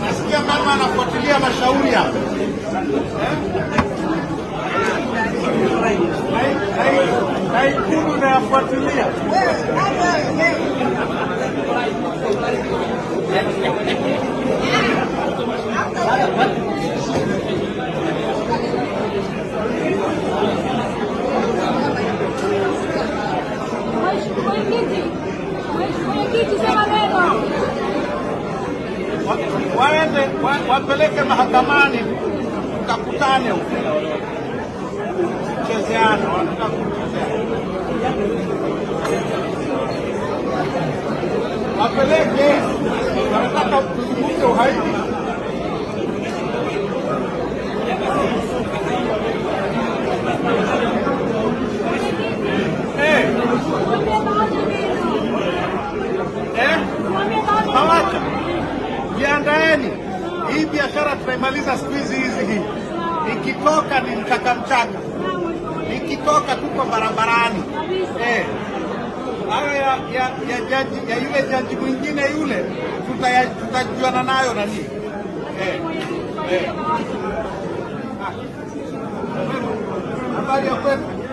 Nasikia mama anafuatilia mashauri hapa. Na Ikulu nayafuatilia. Thank you. waende wapeleke mahakamani, mkakutane kuchezea Wapeleke wanataka tuzungumze uhaini Kumbukeni, hii biashara tunaimaliza siku hizi hizi hii. Nikitoka ni mchaka mchaka, nikitoka tuko barabarani eh. ya, ya, ya, jaji, ya yule jaji mwingine yule tutajuana nayo nani eh, eh. Ah. Habari ya kwetu